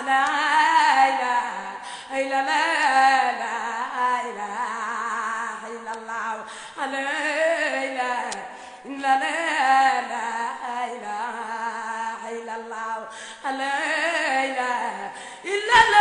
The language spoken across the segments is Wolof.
لا إلى لا لا إله إلا الله لا إله إلا لا لا إله إلا الله لا إله إلا الله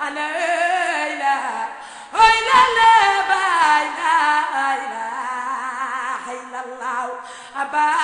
la bye.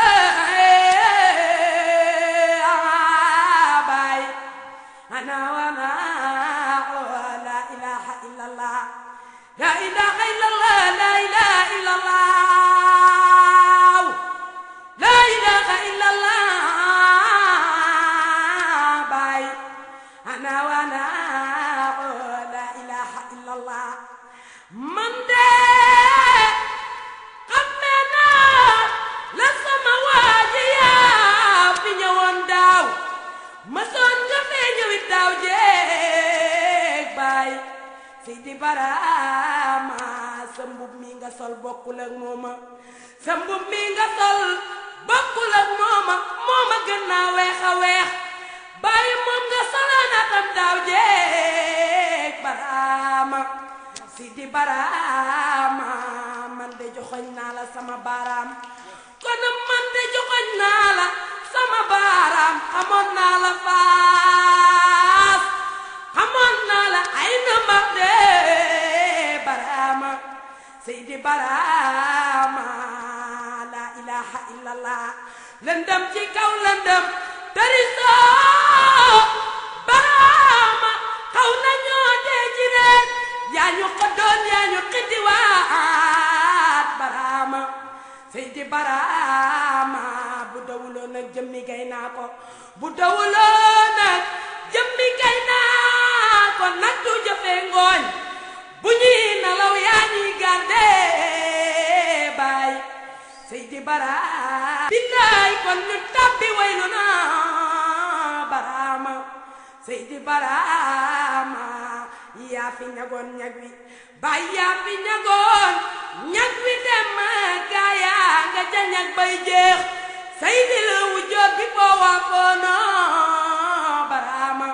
di baraama sa mbub mi nga sol bokkul ak mooma sa mbub mi nga sol bokkul ak mooma mooma gën naa weex bàyyi moom nga soloon atam daaw jeeg baraama Sidi Baraama man joxoñ naa la sama baaraam kon man de joxoñ naa la sama baaraam xamoon naa la faas xamoon naa la ay nambar de Baraama Sidi Baraama la ilaha illallah lëndëm ci kaw lëndëm dari Baraama xaw nañu yaa ñu xoddoon yaa ñu xiddiwaat baraama seydi baraama bu dawuloo nag jëmmi gay bu dawuloo nag jëmmi gay naa ko ngooñ bu ñuy nalaw yaa ñuy garde baay seydi baraama billaay kon ñu tàbbi waylu na baraama seydi baraama yaa fi ñagoon ñag wi baay yaa fi ñagoon ñag wi dem gaaya nga ca ñag bay jeex saydi la wujjoot bi boo waafoona baraama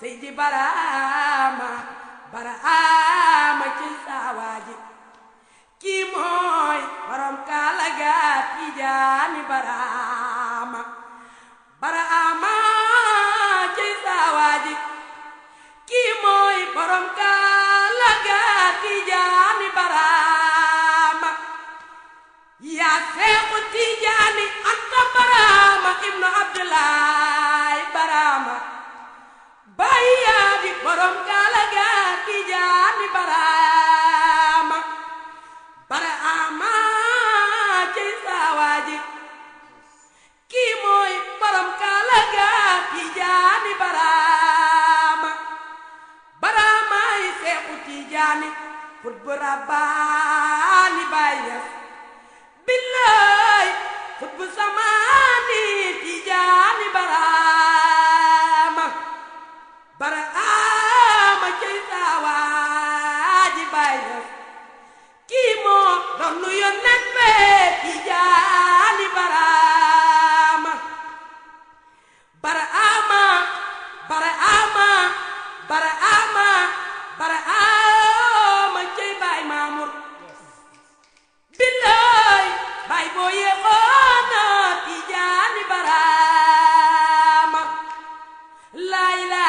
saydi baraama baraama ci saawaaji kii mooy borom kaalaga tijaani baraama baraama ci saawaaji seexu tiijaani anta baraama ibnu abdullahi baraama bàyyi yaa di borom gaala gaa tiijaani baraama baraama cey saawaaji kii mooy borom gaala gaa tiijaani baraama baraama yi seexu tiijaani fut bu rabaa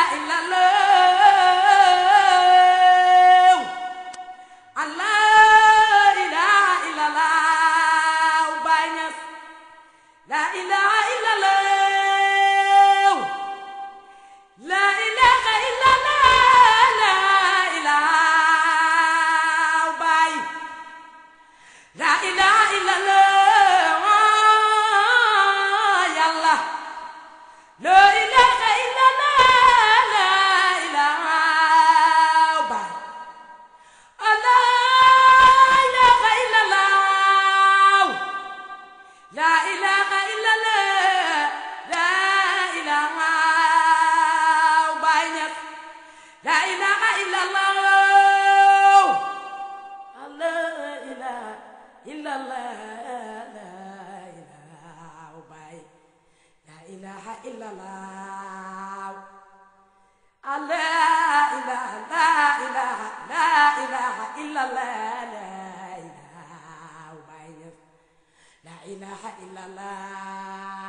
I love. لا إله إلا الله لا إله إلا الله لا إله إلا الله لا لا إله لا إله إلا الله لا إله إلا الله